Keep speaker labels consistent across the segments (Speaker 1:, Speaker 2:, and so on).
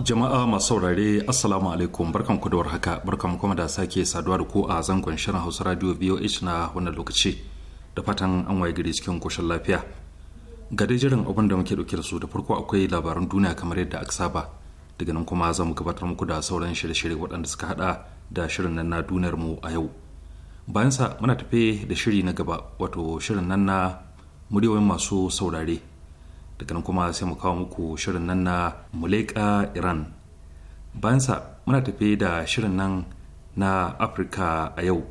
Speaker 1: Jama'a masu saurare Assalamu alaikum barkan ku da warhaka barkan kuma da sake saduwa da ku a zangon shirin Hausa Radio VOH na wannan lokaci da fatan an waye gari cikin koshin lafiya. Ga dai jiran abin da muke dauke da su da farko akwai labaran duniya kamar yadda aka saba daga nan kuma za mu gabatar muku da sauran shirye-shirye waɗanda suka hada da shirin nan na duniyar mu a yau. Bayan sa muna tafe da shiri na gaba wato shirin nan na muryoyin masu saurare daga nan kuma sai mu kawo muku shirin nan na muleka iran bayansa muna tafe da shirin nan na afirka a yau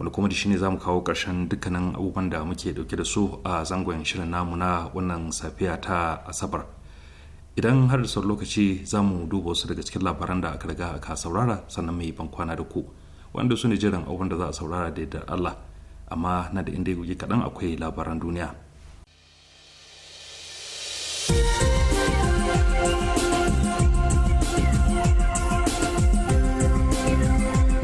Speaker 1: wani kuma da shi ne za mu kawo ƙarshen dukkanin abubuwan da muke dauke da su a zangon shirin namu na wannan safiya ta asabar idan har da lokaci za mu duba wasu daga cikin labaran da aka riga aka saurara sannan mai ban kwana da ku wanda su ne jiran abubuwan da za a saurara da yadda allah amma na da inda ya kaɗan akwai labaran duniya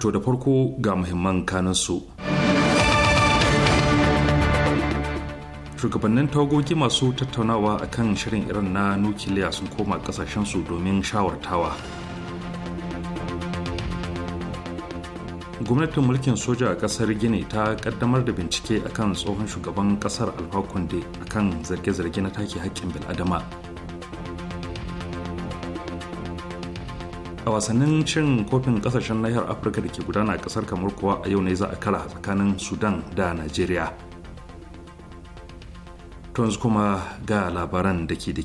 Speaker 1: to da farko ga muhimman kanansu shugabannin tagogi masu tattaunawa akan shirin iran na nukiliya sun koma kasashensu domin shawartawa gwamnatin mulkin soja a kasar gini ta kaddamar da bincike akan tsohon shugaban kasar alfa konde akan zarge-zarge na take haƙƙin bil'adama a wasannin cin kofin kasashen nahiyar afirka da ke gudana a kasar kamar kuwa a yau ne za a kala tsakanin sudan da najeriya tons kuma ga labaran da ke da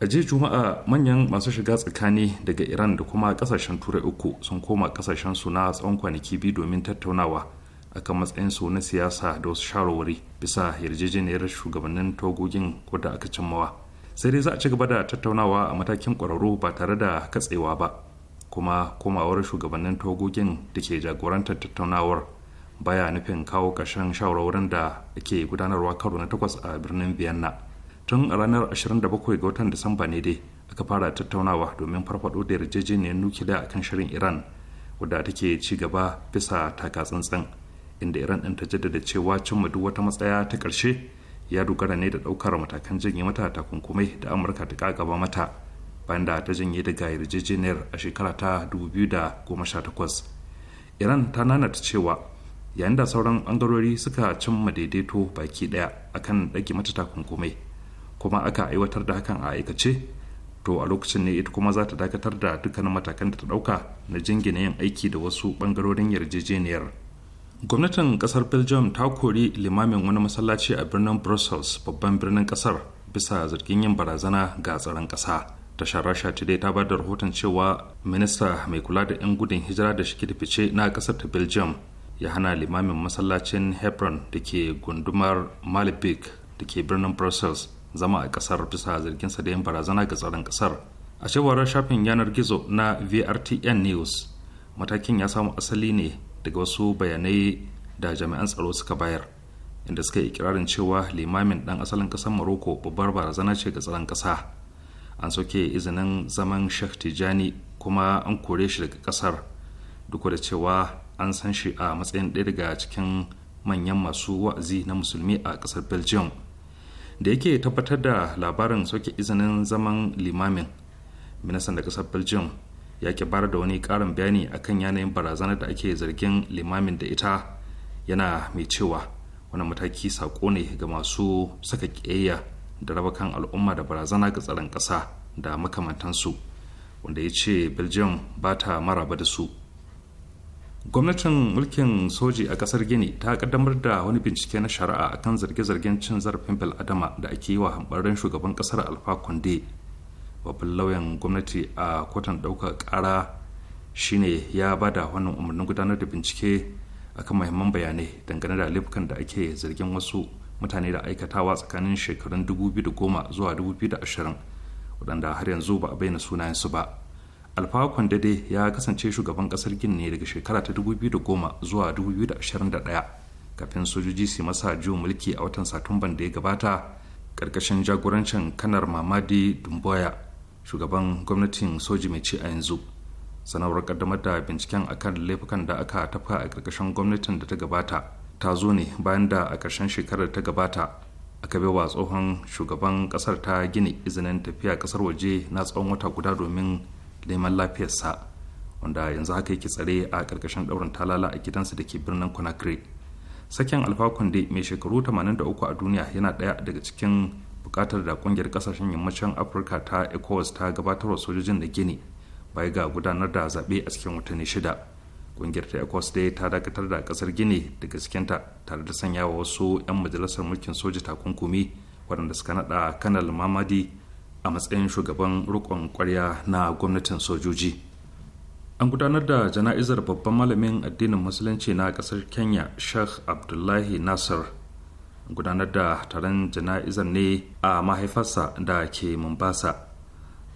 Speaker 1: a jiya juma'a manyan masu shiga tsakani daga iran da kuma kasashen turai uku sun koma kasashen su na tsawon kwanaki biyu domin tattaunawa akan matsayin su na siyasa da wasu shawarwari bisa yarjejeniyar shugabannin togogin da aka cimmawa sai dai za a ci gaba da tattaunawa a matakin kwararru ba tare da katsewa ba kuma komawar shugabannin togogin da ke jagorantar tattaunawar baya nufin kawo ƙarshen shawarwarin da ke gudanarwa karo na takwas a birnin vienna tun a ranar 27 ga watan disamba ne dai aka fara tattaunawa domin farfado da yarjejeniyar nukiliya a kan shirin iran wadda take ci gaba bisa taka tsantsan inda iran ɗin ta jaddada cewa cimma duk wata matsaya ta ƙarshe ya dogara ne da ɗaukar matakan janye mata takunkumai da amurka ta gaba mata bayan da ta janye daga yarjejeniyar a shekara ta 2018 iran ta nanata cewa yayin da sauran bangarori suka cimma daidaito baki daya akan ɗage mata takunkumai kuma aka aiwatar da hakan a aikace to a lokacin ne ita kuma za ta dakatar da dukkanin matakan da ta ɗauka na jingina yin aiki da wasu bangarorin yarjejeniyar gwamnatin kasar belgium ta kori limamin wani masallaci a birnin brussels babban birnin kasar bisa zargin yin barazana ga tsaron kasa tashar rasha today ta bada rahoton cewa minista mai kula da 'yan gudun hijira da shi fice na kasar ta belgium ya hana limamin masallacin hebron da ke gundumar malibik da ke birnin brussels zama a kasar bisa zarginsa da yin barazana ga tsaron kasar a cewar shafin yanar gizo na vrtn news matakin ya samu asali ne daga wasu bayanai da jami'an tsaro suka bayar inda suka yi ikirarin cewa limamin dan asalin kasar maroko babbar barazana ce ga tsaron kasa an soke izinin zaman sheikh tijani kuma an kore shi daga kasar duk da cewa an san shi a matsayin ɗaya daga cikin manyan masu wa'azi na musulmi a kasar belgium da yake tabbatar da labarin soke izinin zaman limamin ministan da kasar belgium ya ke bayar da wani karin bayani akan yanayin barazanar da ake zargin limamin da ita yana mai cewa wani mataki sako ne ga masu saka kiyayya da raba kan al'umma da barazana ga tsaron ƙasa da makamantansu wanda ya ce belgium ba ta maraba da su gwamnatin mulkin soji a kasar gini ta kaddamar da wani bincike na shari'a akan zarge-zargen cin zarafin bil'adama da ake yi wa hambarin shugaban kasar alfa kunde babban lauyan gwamnati a kwatan ɗaukar ƙara shine ya bada wannan umarnin gudanar da bincike akan mahimman bayanai dangane da laifukan da ake zargin wasu mutane da aikatawa tsakanin shekarun 2010 zuwa 2020 waɗanda har yanzu ba a bayyana sunayensu ba alfa kwandade ya kasance shugaban ƙasar gini ne daga shekara ta 2010 zuwa 2021 kafin sojoji su masa juyin mulki a watan satumban da ya gabata ƙarƙashin jagorancin kanar mamadi dumboya shugaban gwamnatin soji mai ce a yanzu sanarwar kaddamar da binciken a akan laifukan da aka tafa a ƙarƙashin gwamnatin da ta gabata ta zo ne bayan da a ƙarshen shekarar ta gabata aka wa tsohon shugaban ƙasar ta gini izinin tafiya ƙasar waje na tsawon wata guda domin neman lafiyarsa wanda yanzu haka yake tsare a ƙarƙashin ɗaurin talala a gidansa da ke birnin conakry saken alfa mai shekaru 83 a duniya yana ɗaya daga cikin bukatar da kungiyar kasashen yammacin afirka ta ecowas ta gabatar gabatarwa sojojin da gini bai ga gudanar da zaɓe a cikin watanni shida kungiyar ta ecowas dai ta dakatar da kasar gini daga cikinta tare da sanya wa wasu 'yan majalisar mulkin soja takunkumi waɗanda suka naɗa kanal mamadi a matsayin shugaban rikon kwarya na gwamnatin sojoji an gudanar da jana'izar babban malamin addinin musulunci na ƙasar kenya shekh abdullahi nasir gudanar da taron jana'izar ne a mahaifarsa da ke mombasa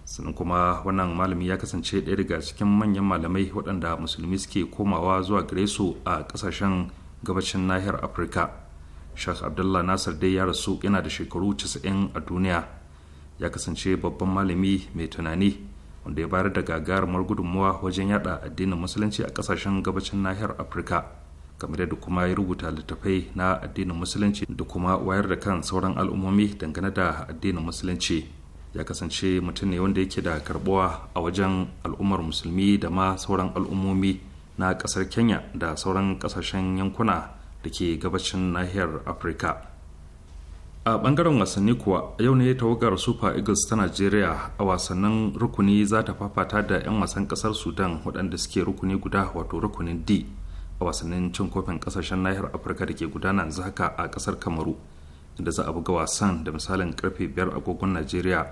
Speaker 1: sannan kuma wannan malami ya kasance ɗaya daga cikin manyan malamai waɗanda musulmi suke komawa zuwa gare su a ƙasashen gabashin nahiyar afirka shak abdullah nasir dai ya rasu yana da shekaru 90 a duniya ya kasance babban malami mai tunani wanda ya bayar da gagarumar gudunmuwa wajen yada addinin musulunci a ƙasashen gabashin nahiyar afirka kamar yadda kuma ya rubuta littattafai na addinin musulunci da kuma wayar da kan sauran al'ummomi dangane da addinin musulunci ya kasance mutum ne wanda yake da karbuwa a wajen al'ummar musulmi da ma sauran al'ummomi na kasar kenya da sauran kasashen yankuna da ke gabashin nahiyar afirka a bangaren wasanni kuwa yau ne tawagar super eagles ta nigeria a wasannin rukuni za ta fafata da 'yan wasan kasar sudan waɗanda suke rukuni guda wato rukunin d a wasannin cin kofin kasashen nahiyar afirka da ke gudana yanzu haka a kasar kamaru inda za a buga wasan da misalin karfe biyar agogon najeriya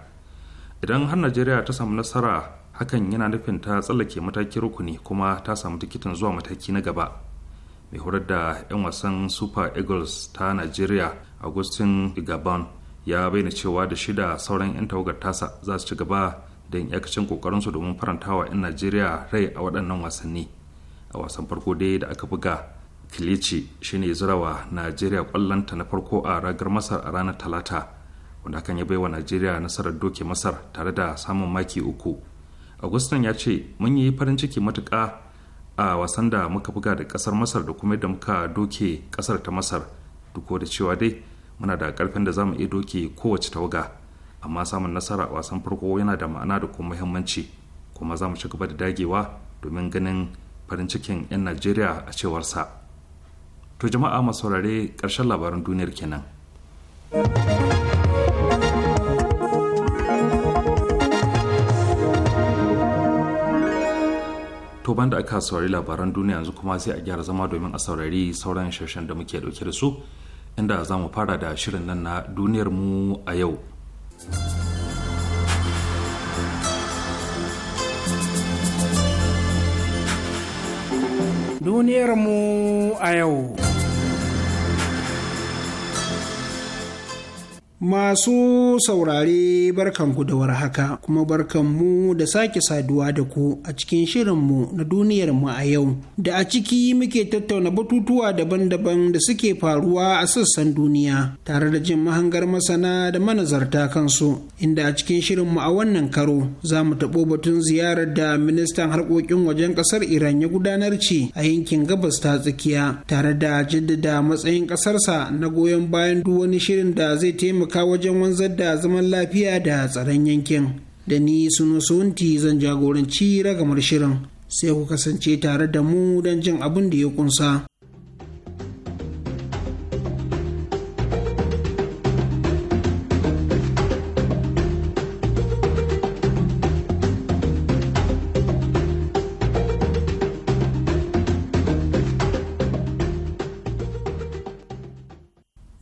Speaker 1: idan har najeriya ta samu nasara hakan yana nufin ta tsallake mataki rukuni kuma ta samu tikitin zuwa mataki na gaba mai horar da 'yan wasan super eagles ta najeriya augustin gabon ya bayyana cewa da shida sauran 'yan tawagar tasa za su ci gaba da yin yakacin kokarinsu domin farantawa 'yan najeriya rai a waɗannan wasanni a wasan farko dai da aka buga kilici shine zurawa najeriya kwallonta na farko a ragar masar a ranar talata wanda hakan ya bai wa najeriya nasarar doke masar tare da samun maki uku augustan ya ce mun yi farin ciki matuka a wasan da muka buga da kasar masar da kuma yadda muka doke kasar ta masar duk da cewa dai muna da karfin da zamu iya doke kowace tawaga amma samun nasara a wasan farko yana da ma'ana da kuma muhimmanci kuma zamu ci gaba da dagewa domin ganin farin cikin 'yan najeriya a cewarsa to jama'a masu saurare ƙarshen labaran duniyar kenan to banda aka saurari labaran duniya yanzu kuma sai a gyara zama domin a saurari sauran shirshen da muke dauke da su inda za mu fara da shirin nan na duniyar mu a yau.
Speaker 2: duniyarmu a yau.
Speaker 3: Masu saurare barkan da haka kuma barkanmu da sake saduwa da ku a cikin shirinmu na duniyarmu a yau da a ciki muke tattauna batutuwa daban-daban da suke faruwa a sassan duniya tare da jin mahangar masana da manazarta kansu inda a cikin shirinmu a wannan karo za mu taɓo batun ziyarar da ministan harkokin wajen ƙasar Iran ya gudanar ce a yankin gabas ta tsakiya tare da jaddada matsayin ƙasarsa na goyon bayan duk wani shirin da zai taimaka taimaka wajen wanzar da zaman lafiya da tsaron yankin da ni suno sunti zan jagoranci ragamar shirin sai ku kasance tare da mu don jin abin da ya kunsa.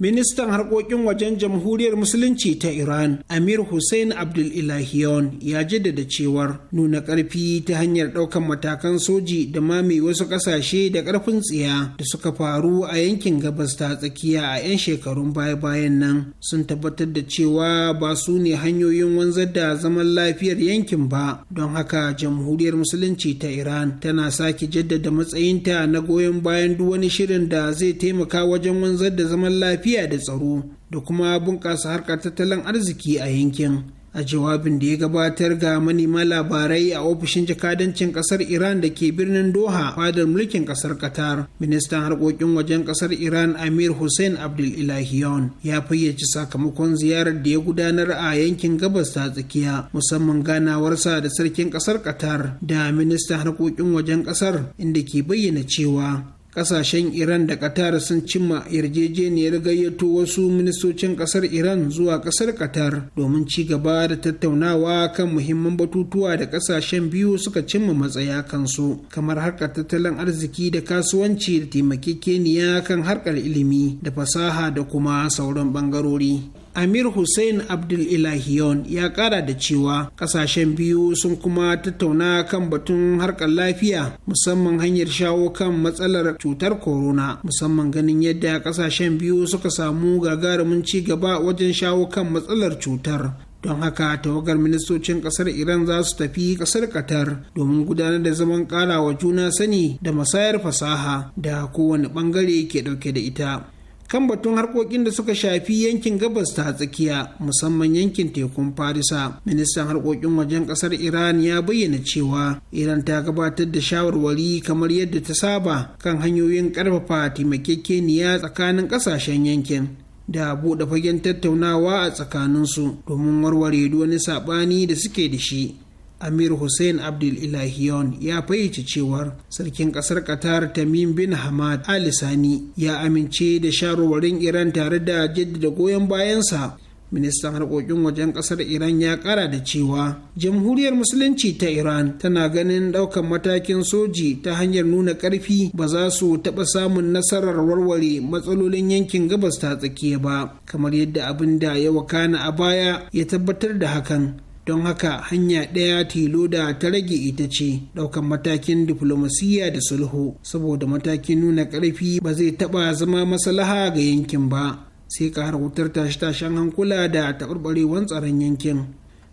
Speaker 3: ministan harkokin wajen jamhuriyar musulunci ta iran amir hussein abdul ilahiyon ya jaddada cewar nuna ƙarfi ta hanyar ɗaukan matakan soji da ma mai wasu ƙasashe da ƙarfin tsiya da suka faru a yankin gabas ta tsakiya a 'yan shekarun baya-bayan nan sun tabbatar da cewa ba su ne hanyoyin wanzar da zaman lafiyar yankin ba don haka jamhuriyar musulunci ta iran tana sake jaddada matsayinta na goyon bayan duk wani shirin da zai taimaka wajen wanzar da zaman lafiya lafiya da tsaro da kuma bunƙasa harkar tattalin arziki a yankin a jawabin da ya gabatar ga manema labarai a ofishin jakadancin kasar iran da ke birnin doha fadar mulkin kasar qatar ministan harkokin wajen kasar iran amir hussein abdul ilahiyon ya fayyace sakamakon ziyarar da ya gudanar a yankin gabas ta tsakiya musamman ganawarsa da sarkin kasar qatar da ministan harkokin wajen kasar inda ke bayyana cewa kasashen iran da qatar sun cimma yarjejeniyar gayyato wasu ministocin kasar iran zuwa kasar qatar domin ci gaba da tattaunawa kan muhimman batutuwa da kasashen biyu suka cimma matsaya kansu kamar harkar tattalin arziki da kasuwanci da taimakekeniya kan harkar ilimi da fasaha da kuma sauran bangarori amir hussein abdul ilahiyon ya kara da cewa kasashen biyu sun kuma tattauna kan batun harkar lafiya musamman hanyar shawo kan matsalar cutar corona musamman ganin yadda kasashen biyu suka samu gagarumin ci gaba wajen shawo kan matsalar cutar don haka tawagar ministocin kasar iran za su tafi kasar qatar domin gudanar da zaman kara wa juna sani da masayar fasaha da kowane bangare ke dauke da ita kan batun harkokin da suka shafi yankin gabas ta tsakiya musamman yankin tekun farisa ministan harkokin wajen kasar iran ya bayyana cewa iran ta gabatar da shawarwari kamar yadda ta saba kan hanyoyin karfafa taimakekeniya tsakanin kasashen yankin da buɗe fagen tattaunawa a tsakaninsu domin warware wani saɓani da suke da shi amir hussein abdul ilahiyon ya fayyace cewar sarkin kasar qatar tamim bin hamad al sani ya amince da shawarwarin iran tare da jaddada goyon bayansa ministan harkokin wajen kasar iran ya kara da cewa jamhuriyar musulunci ta iran tana ganin daukan matakin soji ta hanyar nuna karfi ba za su taɓa samun nasarar warware matsalolin yankin gabas ta tsakiya ba kamar yadda abin da ya wakana a baya ya tabbatar da hakan don haka hanya ɗaya tilo da ta rage ita ce ɗaukan matakin diflomasiyya da sulhu saboda matakin nuna ƙarfi ba zai taɓa zama maslaha ga yankin ba sai ƙara wutar tashe-tashen hankula da taɓarɓarewar tsaron yankin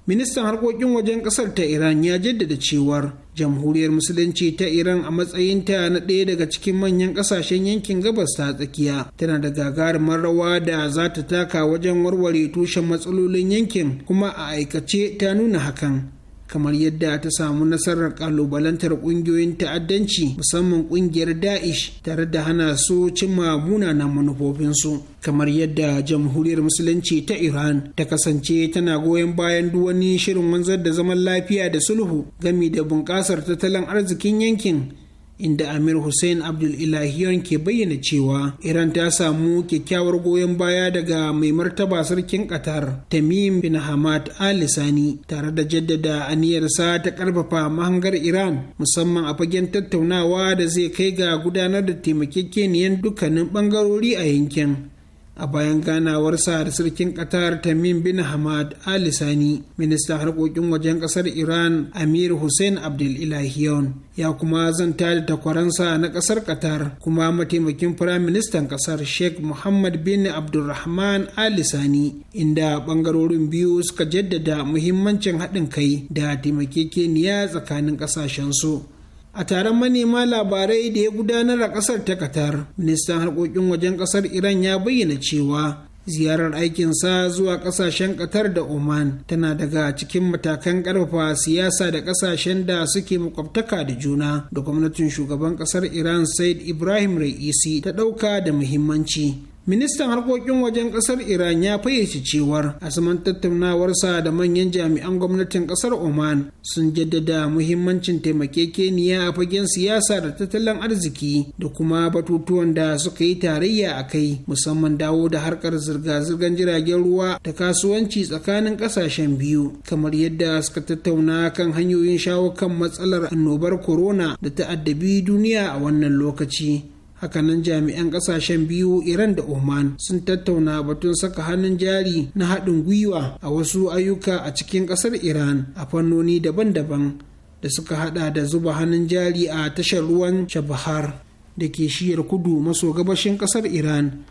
Speaker 3: ministan harkokin wajen kasar ta iran ya jaddada cewar jamhuriyar musulunci ta iran a matsayinta na ɗaya daga cikin manyan ƙasashen yankin gabas ta tsakiya tana da gagarumar rawa da za ta taka wajen warware tushen matsalolin yankin kuma a aikace ta nuna hakan kamar yadda ta samu nasarar kalubalantar ƙungiyoyin ta'addanci musamman ƙungiyar da'ish tare da hana su cimma munanan manufofinsu kamar yadda jamhuriyar musulunci ta iran ta kasance tana goyon bayan duk wani shirin wanzar da zaman lafiya da sulhu gami da bunƙasar tattalin arzikin yankin inda amir hussein abdul ilahiyar ke bayyana cewa iran ta samu kyakkyawar goyon baya daga mai martaba sarkin qatar tamim bin hamad alisani tare da jaddada aniyarsa ta karfafa mahangar iran musamman a fagen tattaunawa da zai kai ga gudanar da taimakekeniyar dukkanin bangarori a yankin a bayan ganawarsa da sarkin qatar tamim bin hamad al sani ministan harkokin wajen kasar iran amir hussein abdul ilahiyon ya kuma zanta da takwaransa na kasar qatar kuma mataimakin firaministan kasar sheikh muhammad bin abdulrahman al sani inda bangarorin biyu suka jaddada muhimmancin haɗin kai da taimakekeniya tsakanin ƙasashensu a taron manema labarai da ya gudanar a kasar ta qatar ministan harkokin wajen kasar iran ya bayyana cewa ziyarar aikinsa zuwa kasashen qatar da oman tana daga cikin matakan karfafa siyasa da kasashen da suke makwabtaka da juna da gwamnatin shugaban kasar iran said ibrahim ra'isi ta ɗauka da muhimmanci ministan harkokin wajen kasar iran ya fayyace cewar asaman tattaunawarsa da manyan jami'an gwamnatin kasar oman sun jaddada muhimmancin taimakekeniya a fagen siyasa da tattalin arziki da kuma batutuwan da suka yi tarayya a kai musamman dawo da harkar zirga-zirgar jiragen ruwa da kasuwanci tsakanin kasashen biyu kamar yadda suka tattauna kan hanyoyin shawo kan matsalar annobar corona da ta'addabi duniya a wannan lokaci hakanan jami'an kasashen biyu iran da oman sun tattauna batun saka hannun jari na haɗin gwiwa a wasu ayyuka a cikin ƙasar iran a fannoni daban-daban da suka hada da zuba hannun jari a tashar ruwan shabahar da ke shiyar kudu maso gabashin ƙasar iran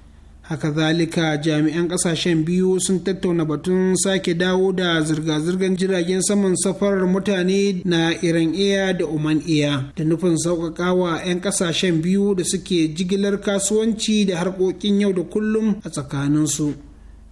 Speaker 3: haka zalika jami'an kasashen biyu sun tattauna batun sake dawo da zirga-zirgar jiragen saman safarar mutane na iran iya da oman iya da nufin sauƙaƙawa 'yan kasashen biyu da suke jigilar kasuwanci da harkokin yau da kullum a tsakaninsu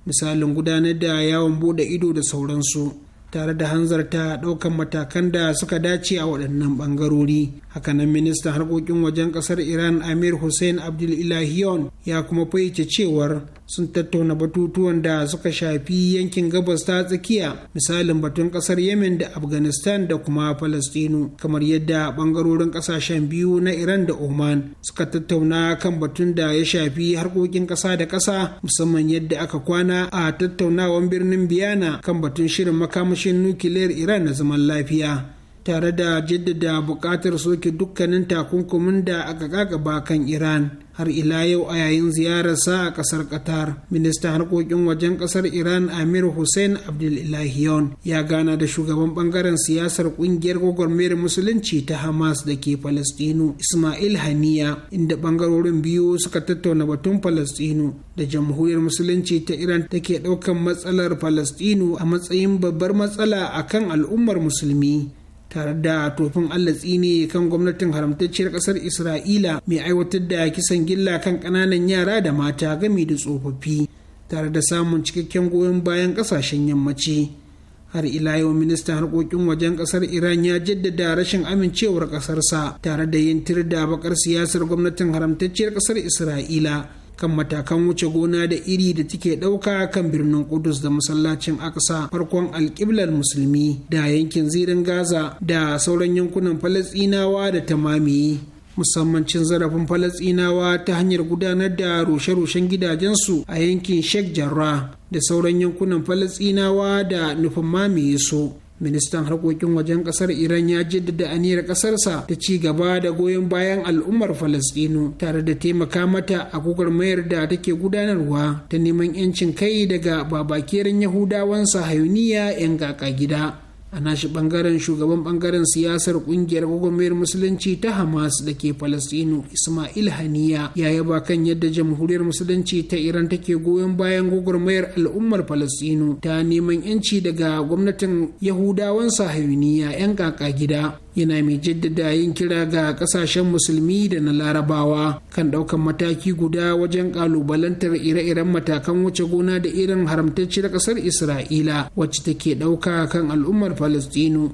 Speaker 3: misalin gudanar da yawon bude ido da sauransu tare da hanzarta ɗaukan matakan da suka dace a waɗannan ɓangarori hakanan ministan harkokin wajen ƙasar iran amir hussein abdul ilahiyon ya kuma fahimci cewar sun tattauna batutuwan da suka shafi yankin gabas ta tsakiya misalin batun ƙasar yemen da afghanistan da kuma palestino kamar yadda ɓangarorin ƙasashen biyu na iran da oman suka tattauna kan batun da ya shafi harkokin ƙasa da ƙasa musamman yadda aka kwana a tattaunawan birnin biyana kan batun shirin makamashi makamashin nukiliyar iran na zaman lafiya tare da jaddada buƙatar soke dukkanin takunkumin da aka gagaba kan iran har ila yau a yayin ziyararsa a kasar qatar ministan harkokin wajen kasar iran amir hussein abdulilahiyon ya gana da shugaban bangaren siyasar kungiyar gwagwarmayar musulunci ta hamas da ke falastinu ismail haniya inda bangarorin biyu suka tattauna batun falastinu da jamhuriyar musulunci ta iran take ɗaukan matsalar falastinu a matsayin babbar matsala akan al'ummar musulmi tare da tofin allah tsine kan gwamnatin haramtacciyar kasar isra'ila mai aiwatar da kisan gilla kan kananan yara da mata gami da tsofaffi tare da samun cikakken goyon bayan kasashen yammaci har ila yau ministan harkokin wajen kasar iran ya jaddada rashin amincewar kasarsa tare da yin tir da bakar siyasar gwamnatin haramtacciyar kasar isra'ila kan matakan wuce gona da iri da take ɗauka kan birnin Kudus da masallacin Aksa farkon alƙiblar musulmi da yankin zirin Gaza da sauran yankunan Falasɗinawa da tamami. musamman cin zarafin falasinawa ta hanyar gudanar da rushe-rushen gidajensu a yankin sheikh jarrah da sauran yankunan falasinawa da nufin mamaye su ministan harkokin wajen kasar iran ya jaddada aniyar kasarsa ta ci gaba da goyon bayan al'ummar falastinu tare da taimaka mata a mayar da take gudanarwa ta neman 'yancin kai daga babakerin yahudawan sahayuniya 'yan kaka gida a nashi bangaren shugaban bangaren siyasar kungiyar gwagwarmayar musulunci ta hamas da ke Falastinu, ismail haniya ya yaba kan yadda jamhuriyar musulunci ta iran take goyon bayan gwagwarmayar al'ummar Falastinu, ta neman yanci daga gwamnatin yahudawan sahayuniya 'yan kaka gida yana mai jaddada yin kira ga kasashen musulmi da na larabawa kan ɗaukan mataki guda wajen ƙalubalantar ire-iren matakan wuce gona da irin haramtacciyar ƙasar isra'ila wacce take ɗauka kan al'ummar falastinu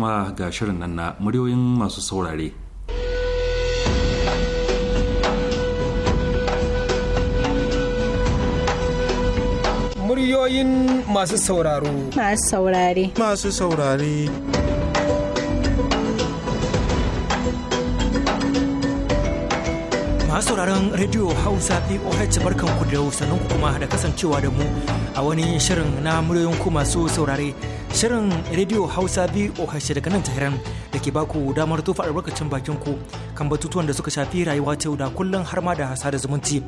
Speaker 1: kuma ga shirin nan na muryoyin masu saurare.
Speaker 3: Muryoyin masu sauraro.
Speaker 4: Masu saurare. Masu saurare.
Speaker 5: masu sauraron rediyo hausa voh barkanku da sannan kuma da kasancewa da mu a wani shirin na muryoyin ku masu saurare Shirin Radio Hausa VOH daga nan Tehran da ke baku damar tofa albarkacin bakin ku kan batutuwan da suka shafi rayuwa ta yau da kullun har ma da sada zumunci.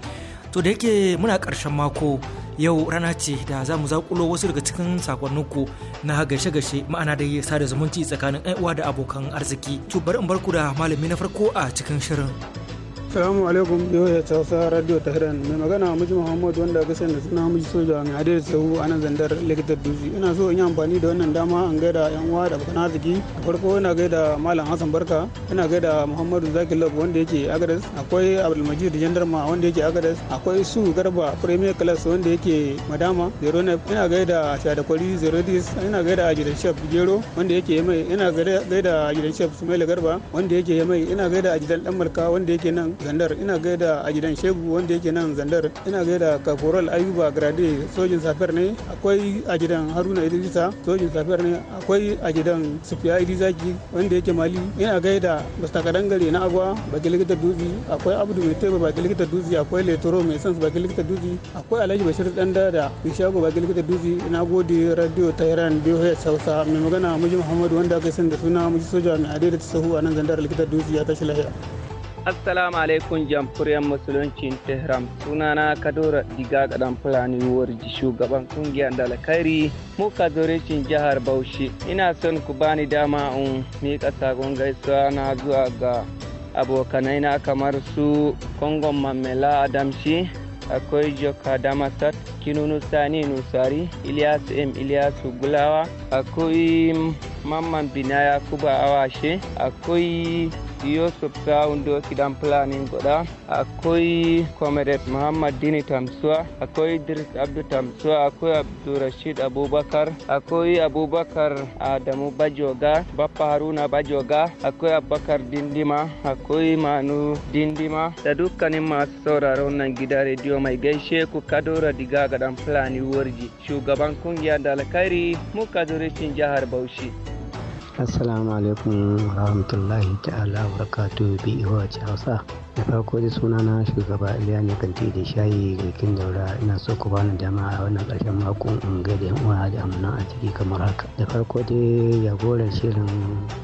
Speaker 5: To da yake muna karshen mako yau rana ce da za mu zakulo wasu daga cikin sakonninku na gashe-gashe ma'ana da sada zumunci tsakanin uwa da abokan arziki. To bari in barku da malami na farko a cikin shirin.
Speaker 6: Salamu alaikum yau ya tausa radio Tehran mai magana miji Muhammadu wanda ga sanda suna miji soja mai hadar sahu a nan zandar likitar duzi ina so in yi amfani da wannan dama an gaida yan uwa da abokan arziki da farko ina gaida malam Hassan Barka ina gaida Muhammadu Zaki Lab wanda yake Agadas akwai Abdulmajid Jandarma wanda yake Agadas akwai Su Garba Premier Class wanda yake Madama Zero Nef ina gaida Shadakwari Zero Dis ina gaida Ajidan Chef Gero wanda yake yamai ina gaida Ajidan Chef Sumaila Garba wanda yake yamai ina gaida Ajidan Dan Malka wanda yake nan zandar ina gaida a gidan shegu wanda yake nan zandar ina gaida kaforal ayuba grade sojin safiyar ne akwai a gidan haruna idrisa sojin safiyar ne akwai a gidan sufiya idrisaki wanda yake mali ina gaida mr kadangare na agwa baki likita dutse akwai abdu mai teba baki likita dutse akwai letoro mai sans baki likita dutse akwai alhaji bashir dan dada ishago baki likita dutse ina gode radio tehran biyu ya sausa mai magana muji muhammadu wanda aka sani da suna muji soja mai adaidata sahu a nan zandar likita dutse ya
Speaker 7: tashi lahiya. Assalamu alaikum jamhuriyar musuluncin Tehran sunana Kadura Diga Kadan Fulani Warji shugaban kungiyar Dalakari muka cin jihar Bauchi ina son ku bani dama in mika sakon gaisuwa na zuwa ga abokanai na kamar su Kongon Mamela Adamshi akwai Joka Damasat Kinunu Sani Nusari Ilyasu M Ilyasu Gulawa akwai Mamman Binaya Kuba Awashe akwai yo sopta undo kiɗan planin goɗa akwai comrade muhammad dini tamsuwa akwai idris abdu tamsuwa akwai abdurashid abubakar akwai abubakar adamu bajoga bappa haruna bajoga akwai abubakar dindima akwai manu dindima da dukkanin masu sauraron nan gida rediyo mai gaishe ku kadora diga gadan fulani warji shugaban kungiyar da mu kadore cin jihar bauchi
Speaker 8: assalamu alaikum warahmatullahi ta'ala barakatuhu bi iwaci e hausa da farko da suna shugaba iliya ne kanti da shayi garkin daura ina so ku bani dama a wannan karshen mako in ga da uwa da amana a ciki kamar haka da farko dai jagoran shirin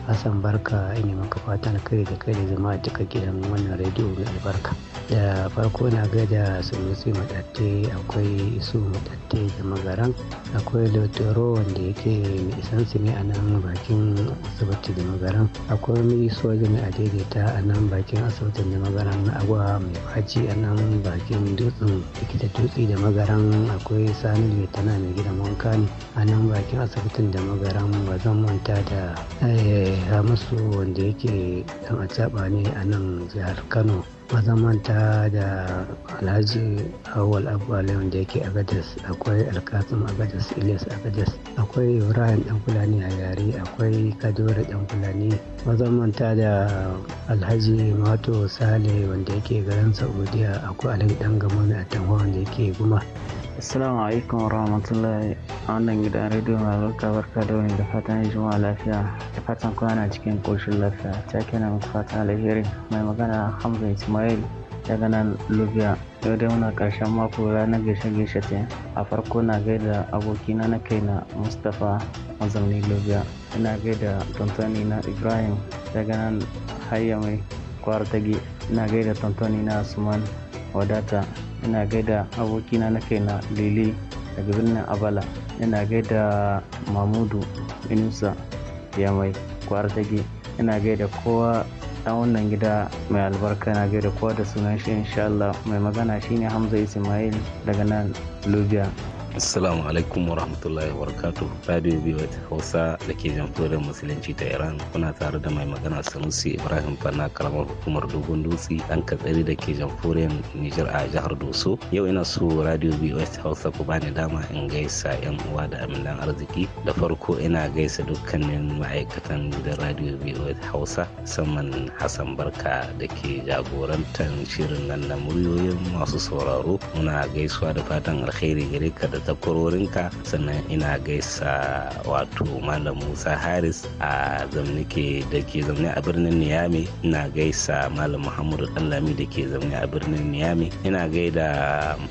Speaker 8: hassan barka ina maka fatan kai da kai da zama a cika gidan wannan rediyo mai albarka da farko na ga da sunusi matatte akwai isu matatte da magaran akwai lotero wanda yake mai su ne a nan bakin asibiti da magaran akwai mai soja mai a daidaita a nan bakin asibitin da magaran magaran agwa mai faci a nan bakin dutsen likita dutse da magaran akwai sani mai tana mai gidan wanka ne a nan bakin asibitin da magaran ba zan manta da eh, hamisu wanda yake dan a ne a nan jihar kano manta da alhaji awal abu wanda yake agadas akwai alkasim agadas ilyas agadas akwai ibrahim dan fulani a yare akwai kadore dan fulani manta da alhaji mato sale wanda yake garin saudiya akwai alhaji dan gamoni a tanwa wanda yake guma
Speaker 2: Assalamu alaikum a wannan gidan rediyo mai albarka barka da wani da fatan juma'a lafiya da fatan kwana cikin koshin lafiya ta kenan fatan alheri mai magana hamza ismail daga nan Lubiya. Yau dai muna ƙarshen mako ranar gaishe-gaishe ce. A farko na gaida abokina na kaina Mustapha mazaunin Libya. Ina gaida tontoni na Ibrahim daga nan hayya mai kwartage. Ina gaida tontoni na Usman Wadata. Ina gaida abokina na kaina Lili daga birnin Abala. Ina gaida Mamudu Inusa ya mai kwartage. Ina gaida kowa a wannan gida mai albarka na gaida kowa da sunan shi inshallah mai magana shine Hamza Ismail daga nan Libya.
Speaker 9: Assalamu alaikum wa rahmatullahi wa barakatu. Radio BYT Hausa da ke jamfurin Musulunci ta Iran kuna tare da mai magana Sanusi Ibrahim Fana karamar hukumar Dogon Dutse dan katsari da ke jamfurin Nijar a jihar Doso. Yau ina so Radio BYT Hausa ku bani dama in gaisa yan uwa da aminan arziki. Da farko ina gaisa dukkanin ma'aikatan gidan Radio BYT Hausa musamman Hassan Barka da ke jagorantar shirin nan na muryoyin masu sauraro. Muna gaisuwa da fatan alkhairi gare ka da takwarorinka sannan ina gaisa wato malam musa haris a zamnike da ke zaune a birnin niyami ina gaisa malam muhammadu Danlami da ke zaune a birnin niyami ina gaida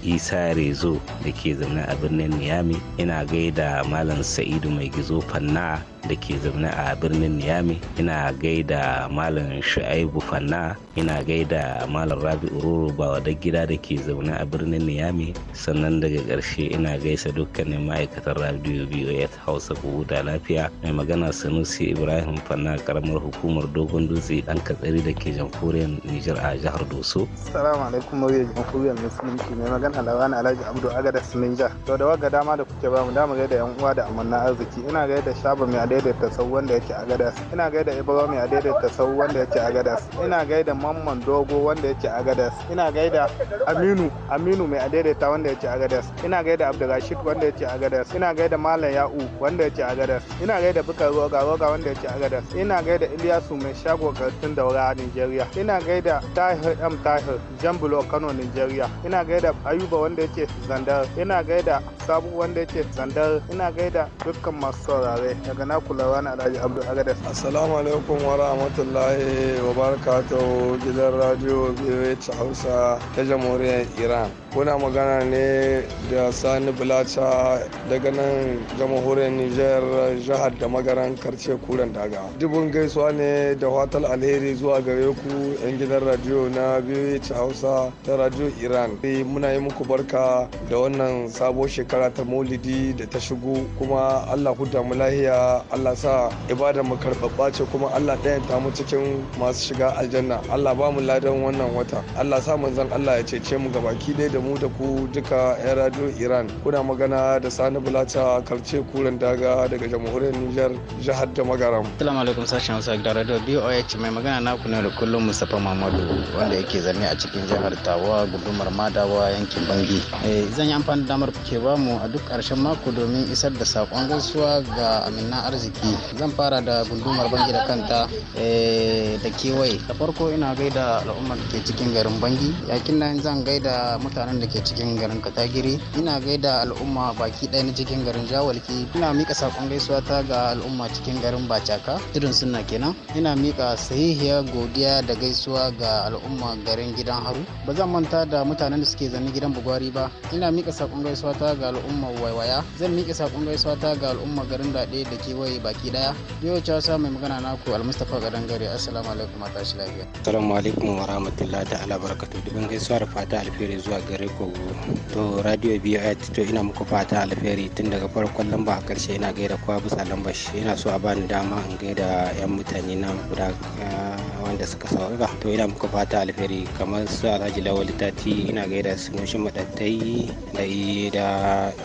Speaker 9: isa rezo da ke zaune a birnin niyami ina gaida malam sa'idu mai gizo fanna da ke zaune a birnin Niyami. Ina gaida Malam Shu'aibu Fanna, ina gaida Malam Rabi Ururu ba da gida da ke zaune a birnin Niyami. Sannan daga karshe ina gaisa dukkanin ma'aikatar Radio BOS Hausa ku da lafiya. Mai magana Sanusi Ibrahim Fanna karamar hukumar Dogon Dutse dan katsari da ke jamhuriyar Nijar a jihar Doso.
Speaker 6: Assalamu alaikum mawuyar jamhuriyar Musulunci mai magana Lawan Alhaji Abdu Agada Sininja. To da waga dama da kuke ba mu mu gaida yan uwa da amanna arziki ina gaida Shaba mai daidaita sau wanda yake a gadas ina gaida ibrahim a daidaita sau wanda yake a gadas ina gaida mamman dogo wanda yake a gadas ina gaida aminu aminu mai a daidaita wanda yake a gadas ina gaida abdulrashid wanda yake a gadas ina gaida malam ya'u wanda yake a gadas ina gaida bukar roga roga wanda yake a gadas ina gaida iliyasu mai shago kartun daura a nigeria ina gaida tahir m tahir jambulo kano nigeria ina gaida ayuba wanda yake zandar ina gaida sabu da yake zandar ina gaida dukkan masu saurare daga na kula na alhaji abdul agadas assalamu alaikum
Speaker 10: wa rahmatullahi wa barakatuhu gidan radio biyu hausa ta jamhuriyar iran kuna magana ne da sani bulacha daga nan jamhuriyar niger jihar da magaran karce kuren daga dubun gaisuwa ne da watal alheri zuwa gare ku yan gidan radio na biyu hausa ta radio iran e, muna yi muku barka da wannan sabo shekara ta maulidi da ta shigo kuma allah huda mu lahiya allah sa ibada mu karɓaɓɓa ce kuma allah ɗayan ta mu cikin masu shiga aljanna allah ba mu ladan wannan wata allah sa zan allah ya cece mu gabaki da. da mu da ku duka 'yan radio iran kuna magana da sani bulata karce kuren daga daga jamhuriyar niger jihar da magaram
Speaker 2: salamu alaikum sashen hausa da radio boh mai magana naku ne da kullum mustapha mamadu wanda yake zane a cikin jihar tawa gudumar madawa yankin bangi eh, zan yi amfani da damar ke bamu a duk karshen mako domin isar da saƙon gaisuwa ga Amina arziki zan fara da gundumar bangi da kanta eh, da kewaye da farko ina gaida al'ummar da ke cikin garin bangi yakin nan zan gaida mutane mutanen da ke cikin garin katagiri ina gaida al'umma baki ɗaya na cikin garin jawalki ina mika sakon gaisuwa ta ga al'umma cikin garin bacaka irin suna kenan ina mika sahihiya godiya da gaisuwa ga al'umma garin gidan haru ba zan manta da mutanen da suke zanne gidan bugwari ba ina mika sakon gaisuwa ta ga al'umma waiwaya zan mika sakon gaisuwa ta ga al'umma garin daɗe da kewaye baki ɗaya yau ta sa mai magana naku almustapha garin gari assalamu alaikum tashi lafiya
Speaker 8: assalamu alaikum wa rahmatullahi ta'ala barakatu dubin gaisuwa da fata alheri zuwa ga gare ku to radio biyu to ina muku fata alheri tun daga farkon lamba a karshe ina gaida kowa bisa lamba shi ina so a bani dama in gaida yan mutane na guda ah, wanda suka saurara to ina muku fata alheri kamar su alhaji lawal tati ina gaida sunushin madattai da da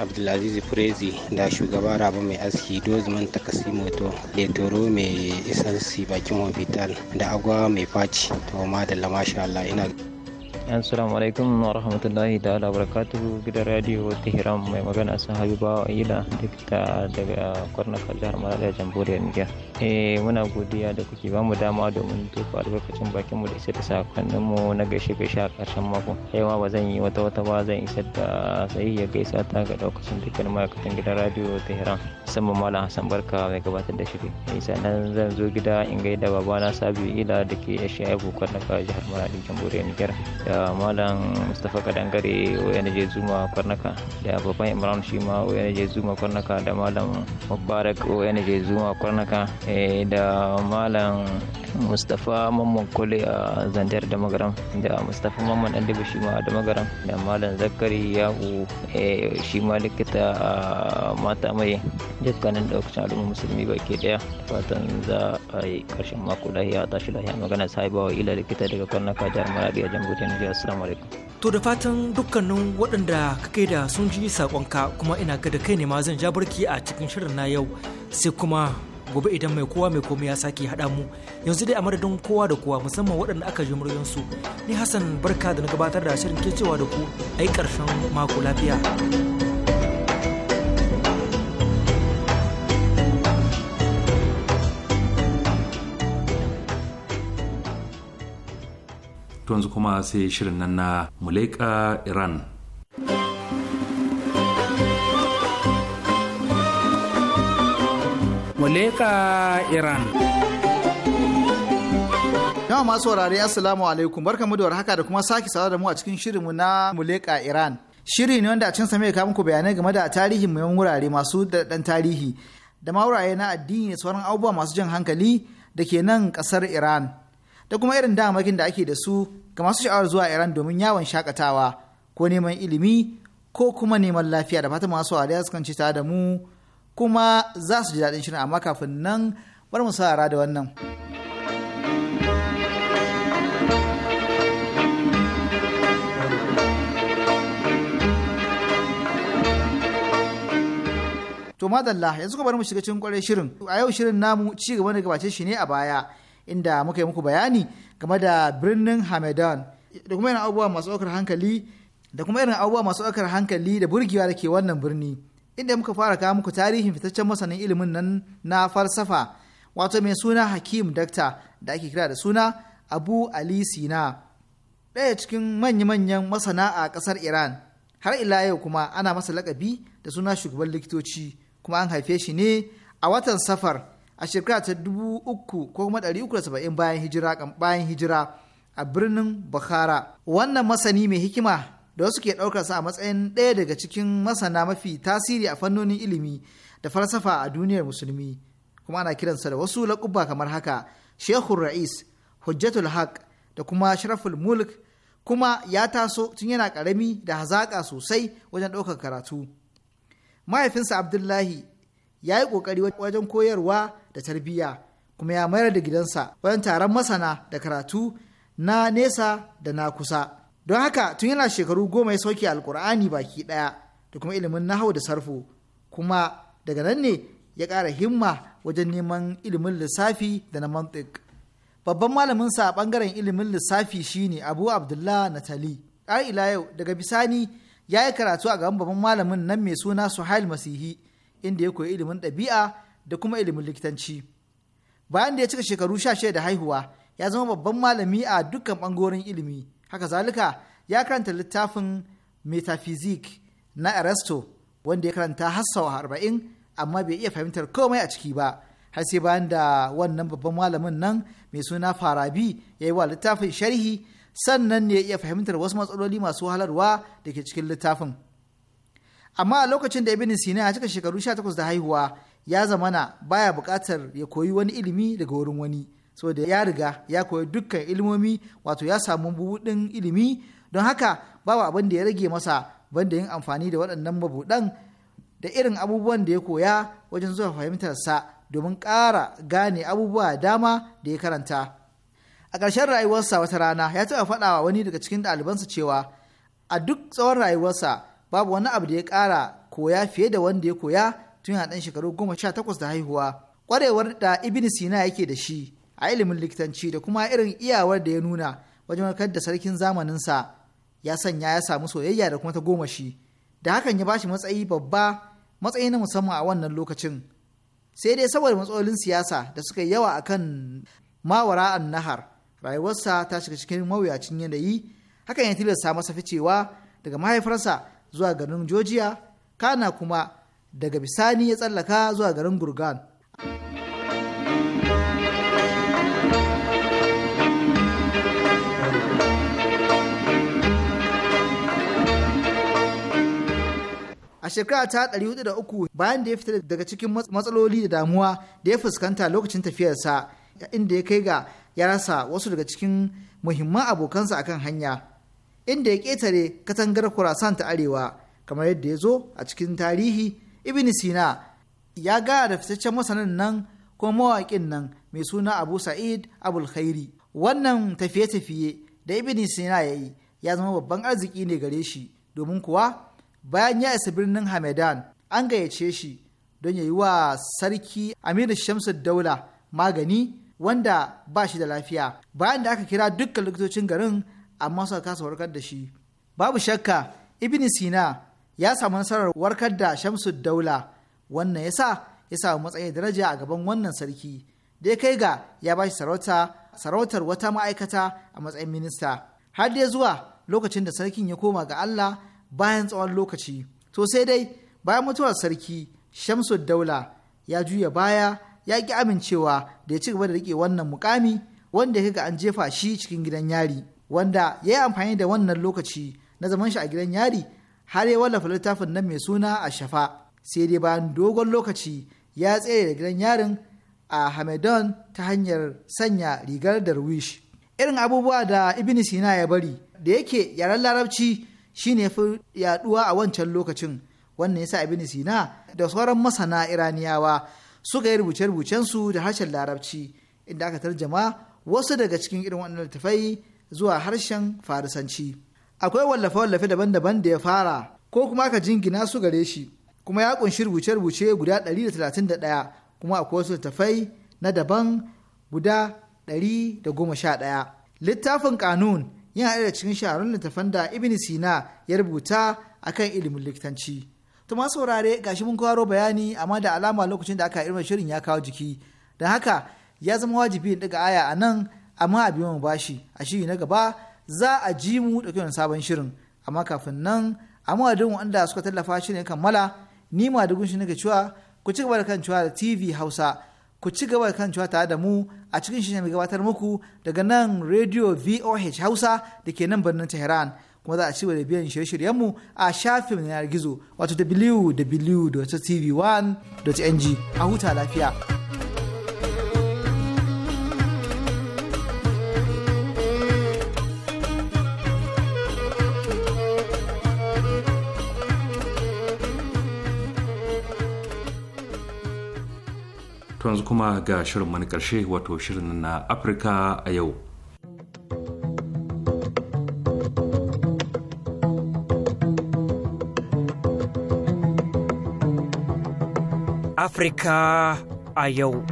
Speaker 8: abdulaziz furezi da shugaba rabu mai aski dozman takasimo to letoro mai isansi bakin hospital da agwa mai faci to ma da lamasha Allah ina
Speaker 4: Assalamualaikum warahmatullahi taala wabarakatuh. Kita radio Tihram memang kena sahabat ialah kita ada kerana kajar malaria jamburian ya. Yeah. eh muna godiya da kuke ba mu dama domin tofa albarkacin bakin mu da isa da sakonnin mu na gaishe gaishe a karshen mako kai ma ba zan yi wata wata ba zan isa da ya gaisa ta ga lokacin dukkan ma'aikatan gidan radio hiran musamman malam hassan barka mai gabatar da shiri eh, sanan zan zo gida in gaida babana sabiu ila da ke ya shi aibu kwarnaka jihar maradi jamhuriyar niger da malam mustapha kadangare je zuma kwarnaka da babban imran shi ma je zuma kwarnaka da malam mubarak je zuma kwarnaka Eh, da malam mustapha mamman kole a zandar da magaram da mustapha mamman dan shi ma da magaram da malam zakari yahu eh, shi ma likita a mata mai dukkanin daukacin al'umma musulmi baki daya fatan za a yi karshen mako lahiya a tashi lahiya magana wa ila likita daga karnaka kajar maradi a jamhuriyar jiya assalamu alaikum
Speaker 5: to da fatan dukkanin
Speaker 4: waɗanda
Speaker 5: kakai da sun ji saƙonka kuma ina ga da kai ne ma zan ja barki a cikin shirin na yau sai kuma gobe idan mai kowa mai komai ya sake haɗa mu yanzu dai a madadin kowa da kowa musamman waɗanda aka ji muryansu ni hassan barka da na gabatar da shirin cewa da ku a yi ƙarshen mako
Speaker 11: lafiya
Speaker 1: yanzu kuma sai shirin nan na muleka iran
Speaker 2: Muleka Iran.
Speaker 12: Yawan masu wurare Assalamu alaikum barkamu da haka da kuma sake sawa da mu a cikin shirinmu na Muleka Iran. Shiri ne wanda a cin same ka muku bayanai game da tarihin muhimman wurare masu daɗan tarihi da ma wurare na addini da sauran abubuwa masu jan hankali da ke nan ƙasar Iran. Da kuma irin damakin da ake da su ga masu sha'awar zuwa Iran domin yawon shakatawa ko neman ilimi ko kuma neman lafiya da fatan masu wurare su kan ci da mu kuma za su ji daɗin shirin amma kafin nan bar mu sa'ara da wannan. To madalla yanzu ka bari mu shiga cikin kwarai shirin. A yau shirin namu ci gaba da gabace shi ne a baya inda muka yi muku bayani game da birnin Hamadan da kuma irin abubuwa masu ɗaukar hankali da kuma irin abubuwa masu ɗaukar hankali da burgewa da ke wannan birni. inda muka fara kawo muku tarihin fitaccen masanin ilimin nan na falsafa wato mai suna hakim dakta da ake kira da suna abu ali sina ɗaya cikin manya-manyan masana a ƙasar iran har ila yau kuma ana masa lakabi da suna shugaban likitoci kuma an haife shi ne a watan safar a shekara ta dubu uku ko kuma ɗari uku da saba'in bayan hijira hijira a birnin bukhara wannan masani mai hikima da wasu ke ɗaukarsa a matsayin ɗaya daga cikin masana mafi tasiri a fannonin ilimi da falsafa a duniyar musulmi kuma ana kiransa da wasu laƙuba kamar haka shehun ra'is hujjatul haq da kuma sharaful mulk kuma ya taso tun yana ƙarami da hazaƙa sosai wajen ɗaukar karatu mahaifinsa abdullahi ya yi ƙoƙari wajen koyarwa da tarbiyya kuma ya mayar da gidansa wajen taron masana da karatu na nesa da na kusa don haka tun yana shekaru goma ya sauke alkur'ani baki ɗaya da kuma ilimin nahau da sarfu kuma daga nan ne ya ƙara himma wajen neman ilimin lissafi da na mantik babban malaminsa a ɓangaren ilimin lissafi shine abu abdullah natali har ila yau daga bisani ya yi karatu a gaban babban malamin nan mai suna suhail masihi inda ya koyi ilimin ɗabi'a da kuma ilimin likitanci bayan da ya cika shekaru sha da haihuwa ya zama babban malami a dukkan ɓangoren ilimi haka zalika ya karanta littafin metaphysic na Aristo wanda ya karanta har sau arba'in amma bai iya fahimtar komai a ciki ba har sai bayan da wannan babban malamin nan mai suna farabi ya yi wa littafin sharhi sannan ne ya iya fahimtar wasu matsaloli masu wahalarwa da ke cikin littafin amma a lokacin da ibn sina ya cika shekaru 18 da haihuwa ya zamana baya bukatar ya koyi wani ilimi daga wurin wani saboda ya riga ya koyi dukkan ilmomi wato ya samu buɗin ilimi don haka babu abin da ya rage masa banda yin amfani da waɗannan mabuɗan da irin abubuwan da ya koya wajen zuwa fahimtarsa domin ƙara gane abubuwa dama da ya karanta a ƙarshen rayuwarsa wata rana ya taɓa faɗawa wani daga cikin ɗalibansa cewa a duk tsawon rayuwarsa babu wani abu da ya ƙara koya fiye da wanda ya koya tun yana ɗan shekaru goma sha takwas da haihuwa ƙwarewar da ibn sina yake da shi a ilimin likitanci da kuma irin iyawar da ya nuna wajen warkar da sarkin zamaninsa ya sanya ya samu soyayya da kuma ta goma shi da hakan ya bashi matsayi babba matsayi na musamman a wannan lokacin sai dai saboda matsalolin siyasa da suka yi yawa a kan mawara an nahar rayuwarsa ta shiga cikin mawuyacin yanayi hakan ya tilasta masa ficewa daga mahaifarsa zuwa garin jojiya kana kuma daga bisani ya tsallaka zuwa garin Gurgan. a shekara ta ɗari da uku, bayan da ya fita daga cikin matsaloli da damuwa da ya fuskanta lokacin tafiyarsa inda ya kai ga ya rasa wasu daga cikin muhimman abokansa akan hanya inda ya ketare katangar kurasan ta arewa kamar yadda ya zo a cikin tarihi ibn sina ya gaya da fitaccen masanin nan ko mawaƙin nan mai suna abu sa'id abul khairi wannan tafiye-tafiye da ibn sina ya yi ya zama babban arziki ne gare shi domin kuwa bayan ya isa birnin hamedan an gayyace shi don ya yi wa sarki aminu shamsu daula magani wanda ba shi da lafiya bayan da aka kira dukkan likitocin garin amma suka kasa warkar da shi babu shakka ibn sina ya samu nasarar warkar da shamsu daula wannan yasa ya samu matsayin daraja a gaban wannan sarki da ya kai ga ya ba shi sarauta sarautar wata ma'aikata a matsayin minista har dai zuwa lokacin da sarkin ya koma ga Allah bayan tsawon lokaci to sai dai bayan mutuwar sarki shamsu daula ya juya baya ya ki amincewa da ya ci gaba da rike wannan mukami wanda ya ga an jefa shi cikin gidan yari wanda ya yi amfani da wannan lokaci na zaman shi a gidan yari har ya wallafa littafin nan mai suna a shafa sai dai bayan dogon lokaci ya tsere da gidan yarin a hamadan ta hanyar sanya rigar darwish irin abubuwa da ibn sina ya bari da yake yaren larabci shi ne fi yaduwa a wancan lokacin wannan yasa ibn sina da sauran masana iraniyawa suka yi rubuce-rubucensu da harshen larabci inda aka tarjama wasu daga cikin irin wannan littattafai zuwa harshen farisanci akwai wallafe-wallafe daban-daban da ya fara ko kuma aka jingina su gare shi kuma ya kunshi rubuce-rubuce guda 131 kuma akwai wasu littattafai na daban guda 111 littafin kanun yin haɗe da cikin shaharun littafan da ibn sina ya rubuta a kan ilimin likitanci to masu saurare gashi mun kwaro bayani amma da alama lokacin da aka irin shirin ya kawo jiki don haka ya zama wajibi in daga aya a nan amma a mu bashi a shiri na gaba za a ji mu da wani sabon shirin amma kafin nan a madadin wanda suka tallafa shirin kammala ni ma dugun shi nake cewa ku ci gaba da kan cewa da tv hausa ku ci gaba da kancewa tare da mu a cikin shirye-shiryen mai gabatar muku daga nan Radio VOH Hausa da ke nan birnin Tehran. Kuma za a ci da biyan shirye-shiryenmu a shafin yanar gizo wato www.tv1.ng a huta lafiya.
Speaker 1: yanzu kuma ga shirin mani karshe wato shirin na afirka a yau
Speaker 5: afirka a yau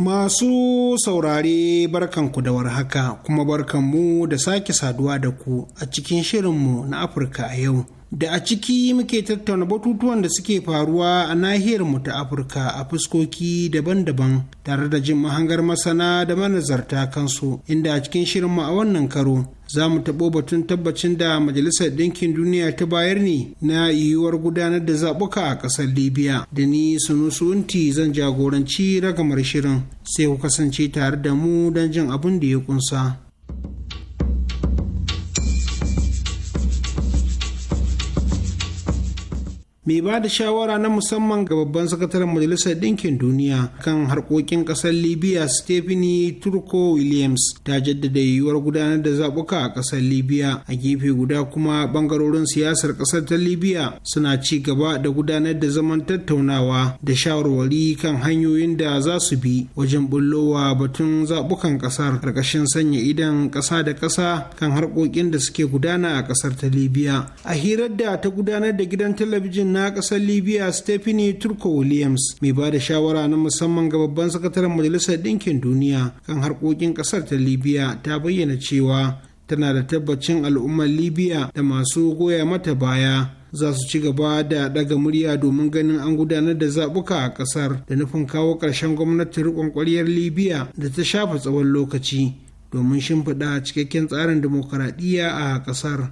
Speaker 3: Masu saurare barkanku da warhaka kuma barkanmu da sake saduwa da ku a cikin shirinmu na Afirka a yau. da a ciki muke tattauna batutuwan da suke faruwa a nahiyar mu ta Afirka a fuskoki daban-daban tare da jin mahangar masana da manazarta kansu inda a cikin shirin mu a wannan karo za mu taɓo batun tabbacin da majalisar ɗinkin duniya ta bayar ne na yiwuwar gudanar da zaɓuka a ƙasar libya da ni sunusunti zan jagoranci ragamar shirin sai ku kasance tare da mu don jin abin da ya ƙunsa. mai ba da shawara na musamman ga babban sakataren majalisar ɗinkin duniya kan harkokin ƙasar libya stephanie turko williams ta jaddada yiwuwar gudanar da zaɓuka a ƙasar libya a gefe guda kuma ɓangarorin siyasar ƙasar ta libya suna ci gaba da gudanar da zaman tattaunawa da shawarwari kan hanyoyin da za su bi wajen bullowa batun zaɓukan ƙasar ƙarƙashin sanya idan ƙasa da ƙasa kan harkokin da suke gudana a ƙasar ta libya a hirar da ta gudanar da gidan talabijin na ƙasar Libya Stephanie Turko Williams mai ba da shawara na musamman ga babban sakataren Majalisar Ɗinkin Duniya kan harkokin ƙasar ta Libya ta bayyana cewa tana da tabbacin al'ummar Libya da masu goya mata baya za su ci gaba da daga murya domin ganin an gudanar da zaɓuka a ƙasar da nufin kawo ƙarshen gwamnatin riƙon ƙwaryar libya da ta shafa tsawon lokaci domin shimfiɗa cikakken tsarin dimokuraɗiyya a ƙasar